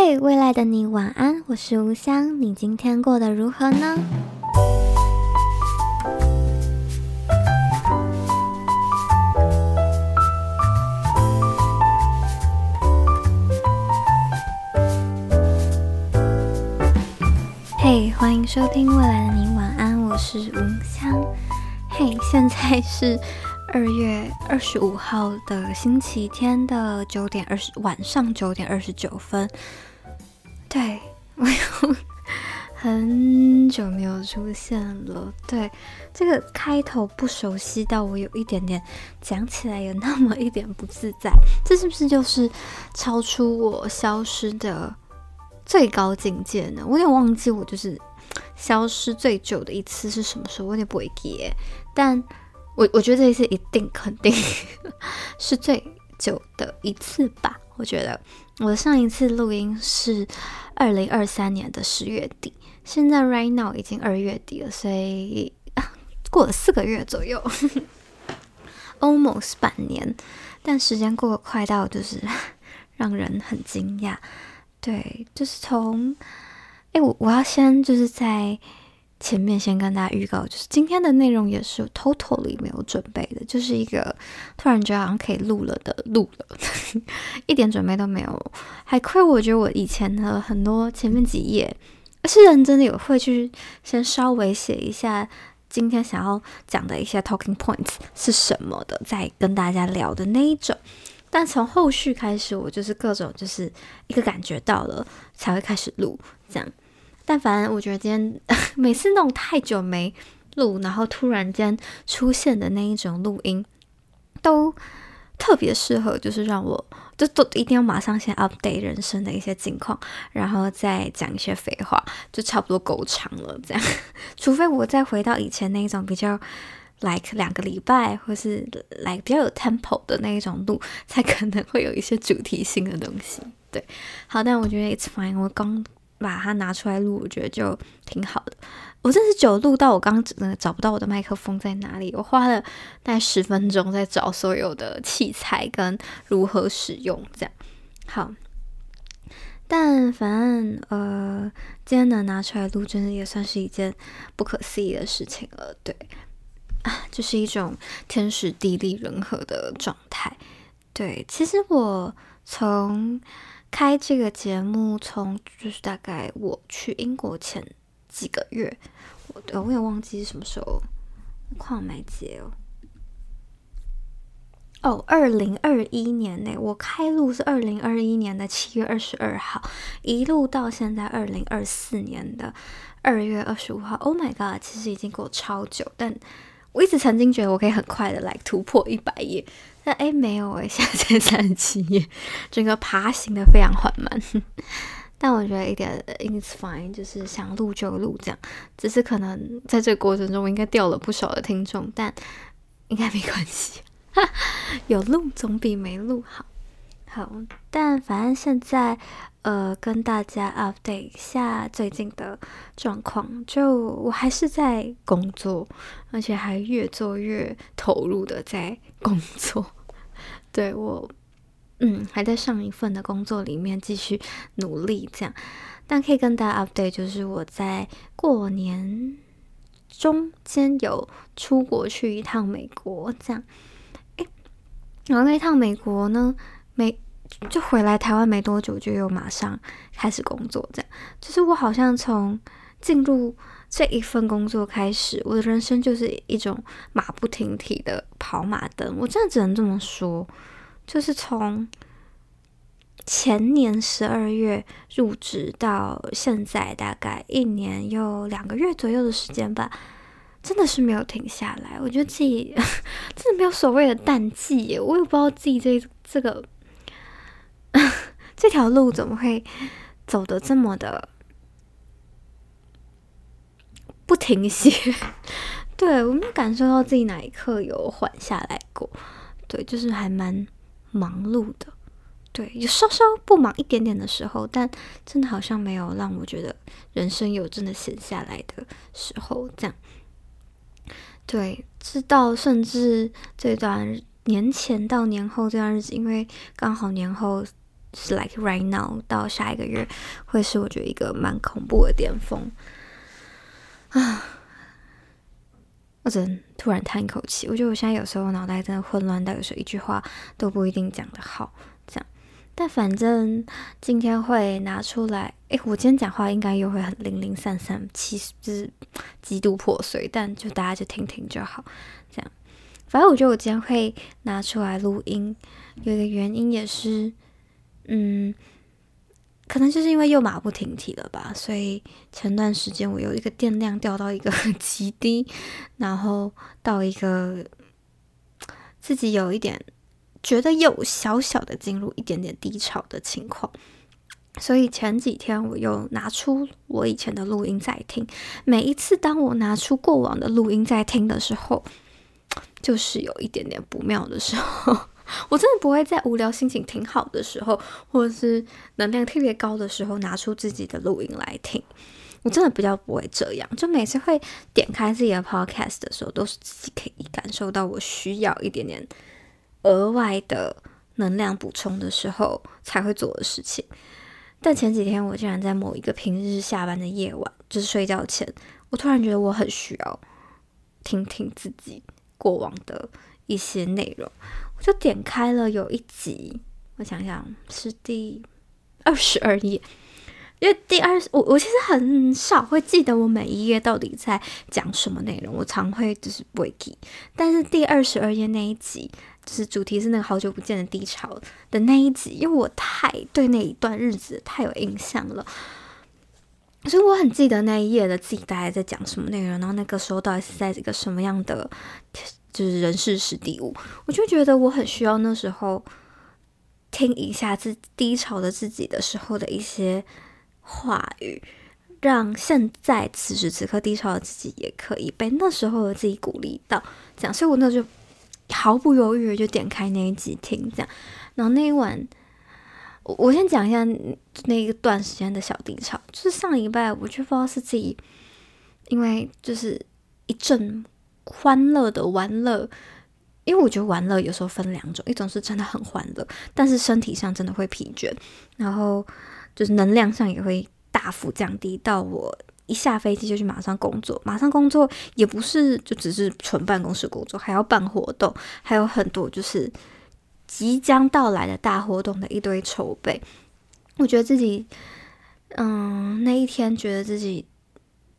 嘿、hey,，未來的你晚安，我是吳香。你今天過得如何呢？嘿、hey,，歡迎收聽《未來的你晚安》，我是吳香。嘿、hey,，現在是二月二十五號的星期天的九點二十，晚上九點二十九分。對，我有很久沒有出現了。對，這個開頭不熟悉到，我有一點點講起來有那麼一點不自在。這是不是就是超出我消失的最高境界呢？我有點忘記，我就是消失最久的一次是什麼時候，我有點不會憶。但我我覺得這一次一定肯定是最久的一次吧，我覺得。我上一次錄音是二零二三年的十月底，現在 right now 已經二月底了，所以啊，過了四個月左右呵呵，almost 半年，但時間過得快到就是讓人很驚訝。對，就是從，誒我我要先就是在。前面先跟大家預告，就是今天的內容也是 totally 沒有準備的，就是一個突然覺得好像可以錄了的錄了， 一點準備都沒有。還虧我覺得我以前的很多前面幾頁，是認真的有會去先稍微寫一下今天想要講的一些 talking points 是什麼的，再跟大家聊的那一種。但從後續開始，我就是各種就是一個感覺到了才會開始錄這樣。但凡我覺得今天每次那種太久沒錄，然後突然間出現的那一種錄音，都特別適合，就是讓我就都一定要馬上先 update 人生的一些近況，然後再講一些廢話，就差不多夠長了。這樣，除非我再回到以前那一種比較 like 兩個禮拜或是 like 比較有 tempo 的那一種錄，才可能會有一些主題性的東西。對，好，但我覺得 it's fine。我剛把它拿出來錄，我覺得就挺好的。我真的就錄到我剛真的、呃、找不到我的麥克風在哪裡，我花了大概十分鐘在找所有的器材跟如何使用這樣。好，但反正呃今天能拿出來錄，真的也算是一件不可思議的事情了。對，啊，就是一種天時地利人和的狀態。對，其實我。從開這個節目，從就是大概我去英國前幾個月，我也忘記是什麼時候。礦美姐哦，哦，二零二一年呢，我開錄是二零二一年的七月二十二號，一路到現在二零二四年的二月二十五號。Oh my god，其實已經過超久，但。我一直曾經覺得我可以很快的來突破一百頁，但誒沒有，我現在才三十七頁，整個爬行的非常緩慢呵呵。但我覺得一點，it's fine，就是想錄就錄這樣，只是可能在這個過程中，應該掉了不少的聽眾，但應該沒關係，哈，有錄總比沒錄好。但反正現在，呃，跟大家 update 一下最近的狀況。就我還是在工作，而且還越做越投入的在工作。對我，嗯，還在上一份的工作裡面繼續努力這樣。但可以跟大家 update，就是我在過年中間有出國去一趟美國這樣。誒，然後那一趟美國呢，美。就回來台灣沒多久，就又馬上開始工作，這樣。就是我好像從進入這一份工作開始，我的人生就是一種馬不停蹄的跑馬燈。我真的只能這麼說，就是從前年十二月入職到現在，大概一年又兩個月左右的時間吧，真的是沒有停下來。我覺得自己 真的沒有所謂的淡季，我也不知道自己這這個。 這條路怎麼會走得這麼的不停歇？ 對，我沒感受到自己哪一刻有緩下來過。對，就是還蠻忙碌的。對，有稍稍不忙一點點的時候，但真的好像沒有讓我覺得人生有真的閒下來的時候。這樣，對，直到甚至這段。年前到年後這段日子，因為剛好年後是 like right now 到下一個月，會是我覺得一個蠻恐怖的巔峰啊！我真突然嘆一口氣。我覺得我現在有時候腦袋真的混亂，到有時候一句話都不一定講得好。這樣，但反正今天會拿出來。哎，我今天講話應該又會很零零散散，其實就是極度破碎，但就大家就聽聽就好。反正我覺得我今天會拿出來錄音，有一個原因也是，嗯，可能就是因為又馬不停蹄了吧。所以前段時間我有一個電量掉到一個極低，然後到一個自己有一點覺得有小小的進入一點點低潮的情況。所以前幾天我又拿出我以前的錄音在聽。每一次當我拿出過往的錄音在聽的時候，就是有一點點不妙的時候，我真的不會在無聊、心情挺好的時候，或者是能量特別高的時候拿出自己的錄音來聽。我真的比較不會這樣，就每次會點開自己的 podcast 的時候，都是自己可以感受到我需要一點點額外的能量補充的時候才會做的事情。但前幾天我竟然在某一個平日下班的夜晚，就是睡覺前，我突然覺得我很需要聽聽自己。過往的一些內容，我就點開了有一集，我想想是第二十二夜，因為第二我我其實很少會記得我每一夜到底在講什麼內容，我常會就是不會記，但是第二十二夜那一集，就是主題是那個好久不見的低潮的那一集，因為我太對那一段日子太有印象了。可是我很記得那一夜的自己大概在講什麼內容，然後那個時候到底是在一個什麼樣的就是人事時地物，我就覺得我很需要那時候聽一下自己低潮的自己的時候的一些話語，讓現在此時此刻低潮的自己也可以被那時候的自己鼓勵到，這樣，所以我那就毫不猶豫的就點開那一集聽這樣，然後那一晚。我先講一下那一段時間的小低潮，就是上禮拜我就不知道是自己，因為就是一陣歡樂的玩樂，因為我覺得玩樂有時候分兩種，一種是真的很歡樂，但是身體上真的會疲倦，然後就是能量上也會大幅降低，到我一下飛機就去馬上工作，馬上工作也不是就只是純辦公室工作，還要辦活動，還有很多就是。即將到來的大活動的一堆籌備，我覺得自己，嗯，那一天覺得自己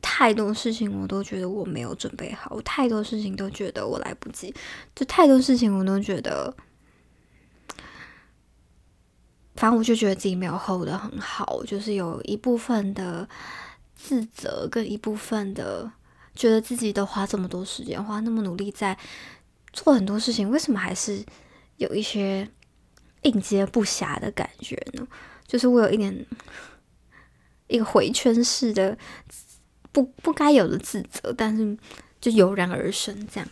太多事情，我都覺得我沒有準備好，我太多事情都覺得我來不及，就太多事情我都覺得，反正我就覺得自己沒有 hold 得很好，就是有一部分的自責，跟一部分的覺得自己都花這麼多時間，花那麼努力在做很多事情，為什麼還是？有一些應接不暇的感覺呢，就是我有一點一個回圈式的不不該有的自責，但是就油然而生這樣。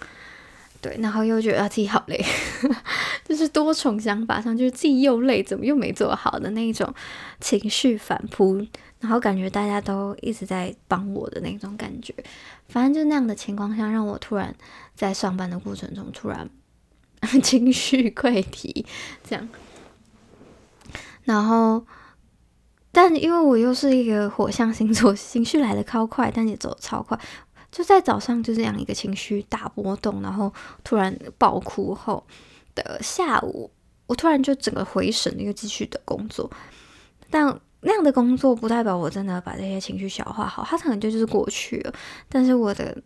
對，然後又覺得啊，自己好累， 就是多重想法上，就是既又累，怎麼又沒做好的那一種情緒反撲，然後感覺大家都一直在幫我的那種感覺。反正就那樣的情況下，讓我突然在上班的過程中突然。情緒潰堤這樣，然後，但因為我又是一個火象星座，情緒來得超快，但也走超快。就在早上就這樣一個情緒大波動，然後突然爆哭後的下午，我突然就整個回神，又繼續的工作。但那樣的工作不代表我真的把這些情緒消化好，它可能就就是過去了。但是我的。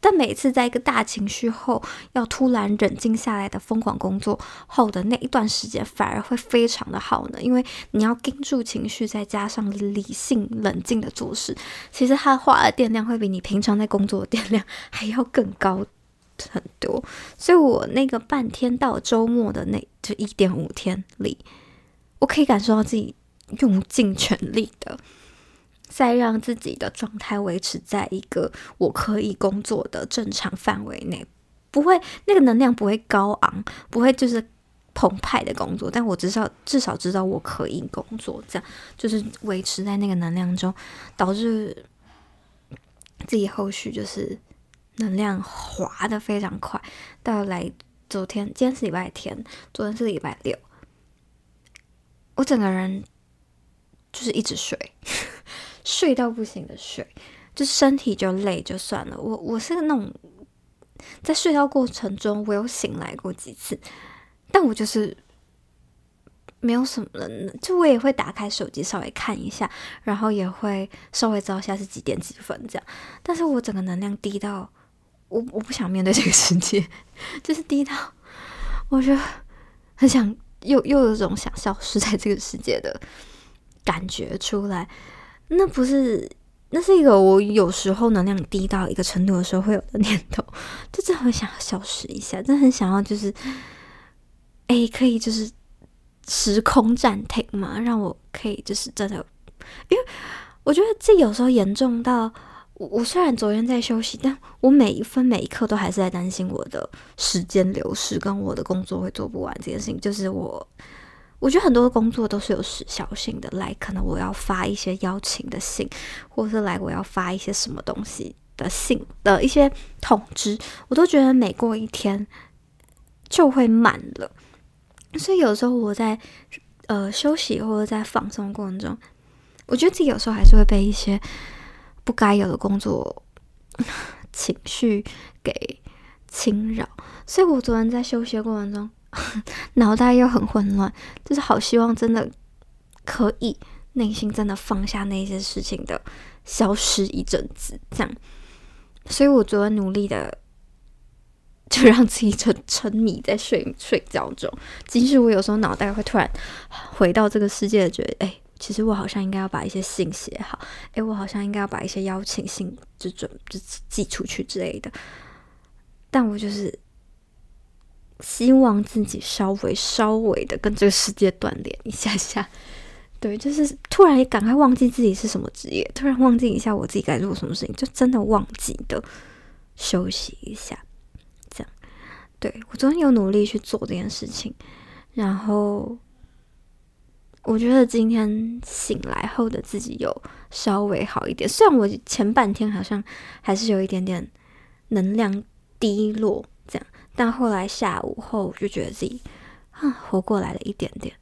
但每次在一個大情緒後，要突然冷靜下來的瘋狂工作後的那一段時間，反而會非常的好呢，因為你要盯住情緒，再加上理性冷靜的做事，其實它花的電量會比你平常在工作的電量還要更高很多。所以我那個半天到周末的那就一點五天裡，我可以感受到自己用盡全力的。再讓自己的狀態維持在一個我可以工作的正常範圍內，不會那個能量不會高昂，不會就是澎湃的工作。但我至少至少知道我可以工作，這樣就是維持在那個能量中，導致自己後續就是能量滑得非常快。到來昨天，今天是禮拜天，昨天是禮拜六，我整個人就是一直睡。睡到不行的睡，就身體就累就算了。我我是那種在睡覺過程中，我有醒來過幾次，但我就是沒有什麼能。就我也會打開手機稍微看一下，然後也會稍微知道下是幾點幾分這樣。但是我整個能量低到我我不想面對這個世界，就是低到我就很想又又有一種想消失在這個世界的感覺出來。那不是，那是一個我有時候能量低到一個程度的時候會有的念頭，就真的很想要消失一下，真的很想要就是，哎、欸，可以就是時空暫停嘛，讓我可以就是真的，因為我覺得這有時候嚴重到我，我雖然昨天在休息，但我每一分每一刻都還是在擔心我的時間流逝跟我的工作會做不完這件事情，就是我。我覺得很多工作都是有時效性的，來可能我要發一些邀請的信，或者是來我要發一些什麼東西的信的一些通知，我都覺得每過一天就會滿了，所以有時候我在呃休息或者在放鬆的過程中，我覺得自己有時候還是會被一些不該有的工作情緒給侵擾，所以我昨天在休息的過程中。 腦袋又很混亂，就是好希望真的可以內心真的放下那些事情的，消失一陣子這樣。所以我昨晚努力的，就讓自己沉沉迷在睡睡覺中。即使我有時候腦袋會突然回到這個世界，覺得哎、欸，其實我好像應該要把一些信寫好，哎、欸，我好像應該要把一些邀請信就準就寄出去之類的。但我就是。希望自己稍微稍微的跟這個世界鍛煉一下下，對，就是突然也趕快忘記自己是什麼職業，突然忘記一下我自己該做什麼事情，就真的忘記的休息一下，這樣。對，我昨天有努力去做這件事情，然後我覺得今天醒來後的自己有稍微好一點，雖然我前半天好像還是有一點點能量低落。但後來下午後，我就覺得自己，啊，活過來了一點點。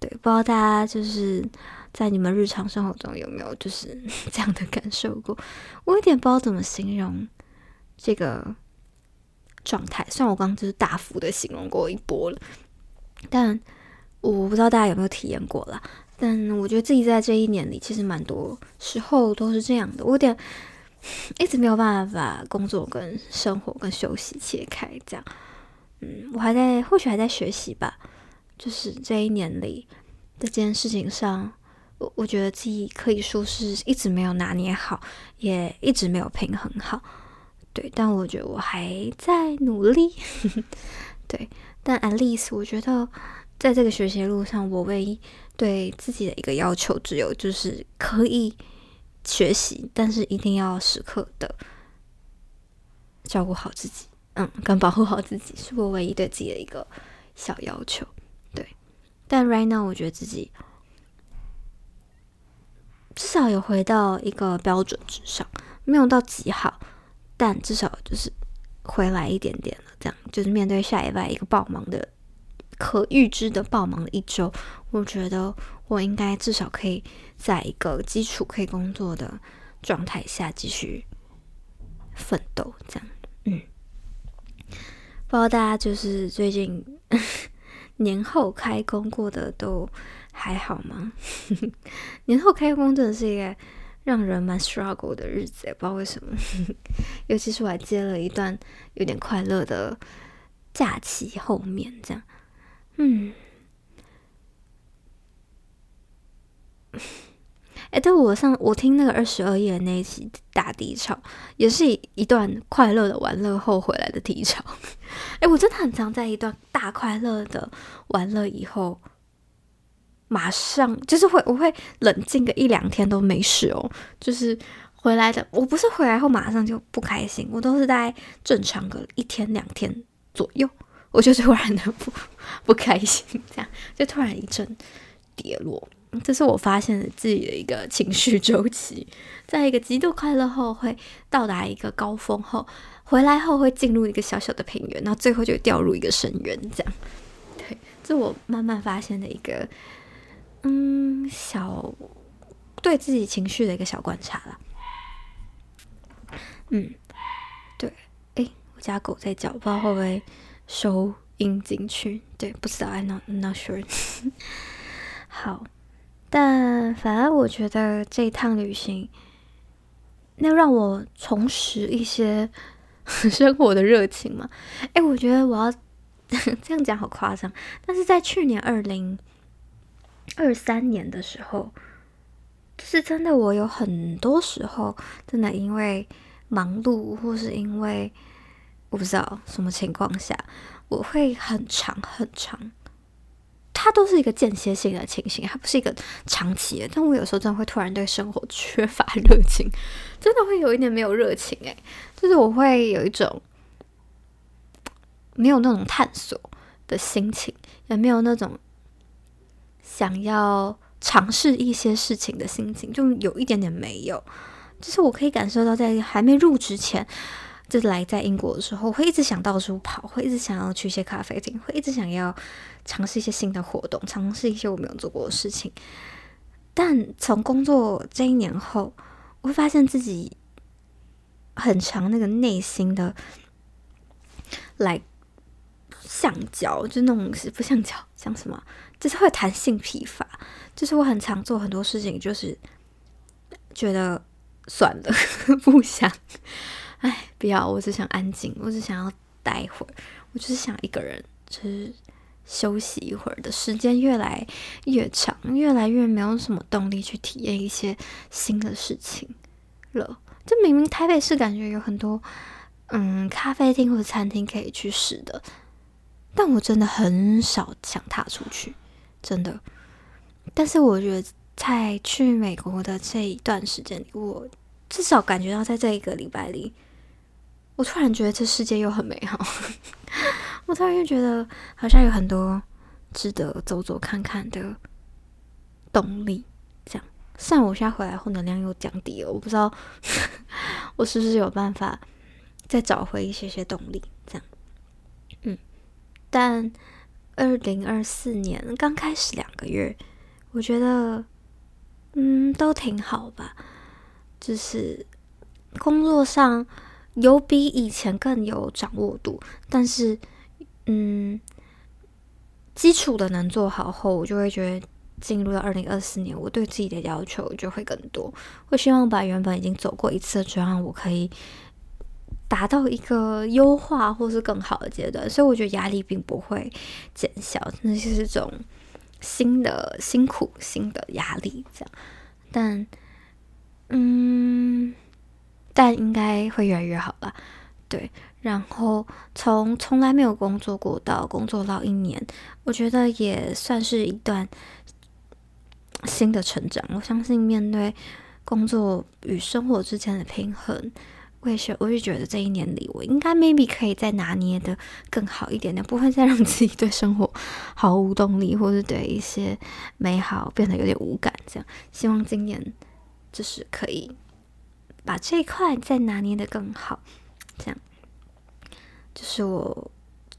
對，不知道大家就是在你們日常生活中有沒有就是這樣的感受過？我有點不知道怎麼形容這個狀態，雖然我剛剛就是大幅的形容過一波了，但我不知道大家有沒有體驗過啦。但我覺得自己在這一年裡，其實蠻多時候都是這樣的。我有點。一直沒有辦法把工作跟生活跟休息切開，這樣，嗯，我還在，或許還在學習吧。就是這一年裡，這件事情上，我我覺得自己可以說是一直沒有拿捏好，也一直沒有平衡好。對，但我覺得我還在努力。 對，但 at least，我覺得在這個學習的路上，我唯一對自己的一個要求，只有就是可以。學習，但是一定要時刻的照顧好自己，嗯，跟保護好自己，是我唯一對自己的一個小要求。對，但 right now 我覺得自己至少有回到一個標準之上，沒有到極好，但至少就是回來一點點了。這樣，就是面對下禮拜一個爆忙的可預知的爆忙的一周，我覺得。我應該至少可以在一個基礎可以工作的狀態下繼續奮鬥，這樣。嗯，不知道大家就是最近 年後開工過得都還好嗎？ 年後開工真的是一個讓人蠻 struggle 的日子，也不知道為什麼。 尤其是我還接了一段有點快樂的假期後面，這樣，嗯。哎、欸，對，我上我聽那個二十二夜的那一期大低潮，也是一一段快樂的玩樂後回來的低潮。哎、欸，我真的很常在一段大快樂的玩樂以後，馬上就是會我會冷靜個一兩天都沒事哦。就是回來的，我不是回來後馬上就不開心，我都是在正常個一天兩天左右，我就是突然的不不開心，這樣就突然一陣跌落。這是我發現自己的一個情緒週期，在一個極度快樂後，會到達一個高峰後，回來後會進入一個小小的平原，然後最後就掉入一個深淵。這樣，對，這我慢慢發現的一個，嗯，小對自己情緒的一個小觀察啦。嗯，對，誒，我家狗在叫，不知道會不會收音進去？對，不知道、啊、I'm not, I'm not sure。 好。但反而，我覺得這一趟旅行，那讓我重拾一些生活的熱情嘛。哎，我覺得我要這樣講好誇張，但是在去年二零二三年的時候，是真的，我有很多時候真的因為忙碌，或是因為我不知道什麼情況下，我會很長很長。它都是一個間歇性的情形，它不是一個長期的。但我有時候真的會突然對生活缺乏熱情，真的會有一點沒有熱情。哎，就是我會有一種沒有那種探索的心情，也沒有那種想要嘗試一些事情的心情，就有一點點沒有。就是我可以感受到，在還沒入職前。就來在英國的時候，會一直想到處跑，會一直想要去一些咖啡廳，會一直想要嘗試一些新的活動，嘗試一些我沒有做過的事情。但從工作這一年後，我會發現自己很常那個內心的來橡膠，就是、那種是不橡膠像什麼，就是會彈性疲乏，就是我很常做很多事情，就是覺得算了，不想。哎，不要！我只想安靜，我只想要待會兒，我就是想一個人，就是休息一會兒的時間越來越長，越來越沒有什麼動力去體驗一些新的事情了。這明明台北市感覺有很多，嗯，咖啡廳或餐廳可以去試的，但我真的很少想踏出去，真的。但是我覺得在去美國的這一段時間裡，我至少感覺到在這一個禮拜裡。我突然覺得這世界又很美好， 我突然又覺得好像有很多值得走走看看的動力。這樣，算，我現在回來後能量又降低了，我不知道 我是不是有辦法再找回一些些動力。這樣，嗯，但二零二四年剛開始兩個月，我覺得嗯都挺好吧，就是工作上。有比以前更有掌握度，但是，嗯，基礎的能做好後，我就會覺得進入到二零二四年，我對自己的要求就會更多，我希望把原本已經走過一次的專案，這樣我可以達到一個優化或是更好的階段。所以我覺得壓力並不會減小，那就是一種新的辛苦、新的壓力。這樣，但，嗯。但應該會越來越好吧，對。然後從從來沒有工作過到工作到一年，我覺得也算是一段新的成長。我相信面對工作與生活之間的平衡，我也是我也覺得這一年裡我應該 maybe 可以再拿捏的更好一點點，不會再讓自己對生活毫無動力，或者對一些美好變得有點無感。這樣，希望今年就是可以。把這一塊再拿捏得更好，這樣就是我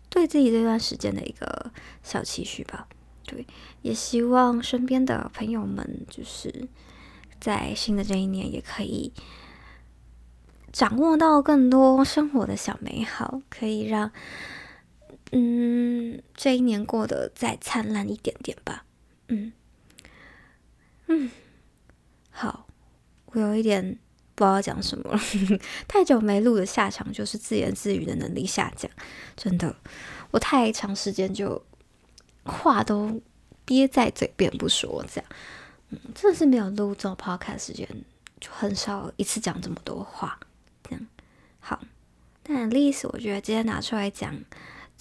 對自己這段時間的一個小期許吧。對，也希望身邊的朋友們，就是在新的這一年也可以掌握到更多生活的小美好，可以讓嗯這一年過得再燦爛一點點吧。嗯嗯，好，我有一點。不知道要講什麼，太久沒錄的下場就是自言自語的能力下降，真的，我太長時間就話都憋在嘴邊不說，這樣，嗯，真的是沒有錄這種 podcast 時間，就很少一次講這麼多話，這樣好。但 at least 我覺得今天拿出來講，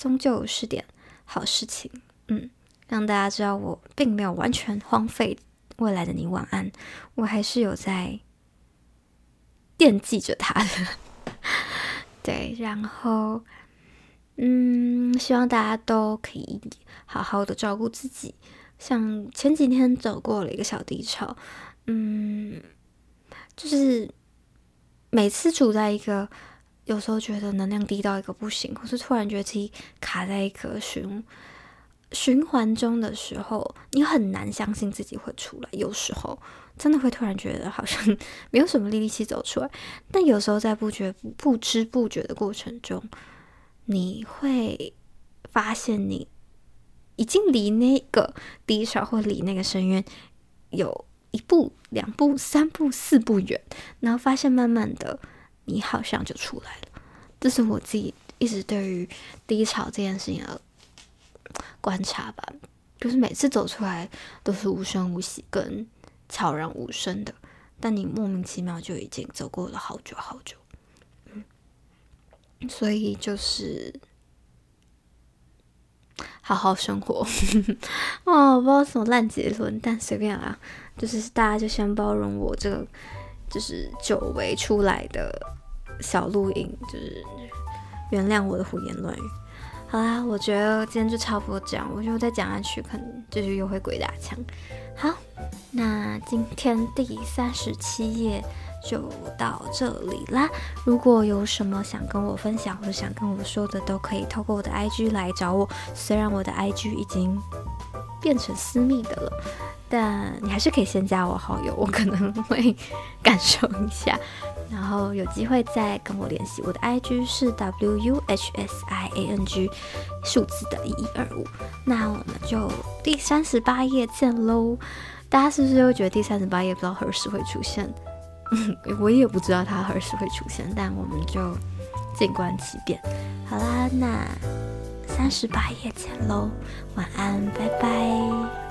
終究是點好事情，嗯，讓大家知道我並沒有完全荒廢未來的你，晚安，我還是有在惦記着他的， 對，然後，嗯，希望大家都可以好好的照顧自己。像前幾天走過了一個小低潮，嗯，就是每次處在一個有時候覺得能量低到一個不行，可是突然覺得自己卡在一個漩循環中的時候，你很難相信自己會出來。有時候真的會突然覺得好像沒有什麼力氣走出來，但有時候在不覺不，不知不覺的過程中，你會發現你已經離那個低潮或離那個深淵有一步、兩步、三步、四步遠，然後發現慢慢的你好像就出來了。這是我自己一直對於低潮這件事情而觀察吧，就是每次走出來都是無聲無息、跟悄然無聲的，但你莫名其妙就已經走過了好久好久。嗯，所以就是好好生活 哦，不知道什麼爛結論，但隨便啊。就是大家就先包容我這個，就是久違出來的小錄音，就是原諒我的胡言亂語。好啦，我覺得今天就差不多這樣。我覺得再講下去，可能就是又會鬼打牆。好，那今天第三十七夜就到這裡啦。如果有什麼想跟我分享或者想跟我說的，都可以透過我的 IG 來找我。雖然我的 IG 已經。變成私密的了，但你還是可以先加我好友，我可能會感受一下，然後有機會再跟我聯繫。我的 I G 是 wuhsiang，數字的一一二五。那我們就第三十八夜見嘍。大家是不是又覺得第三十八夜不知道何時會出現？嗯，我也不知道它何時會出現，但我們就靜觀其變。好啦，那。三十八夜見嘍，晚安，拜拜。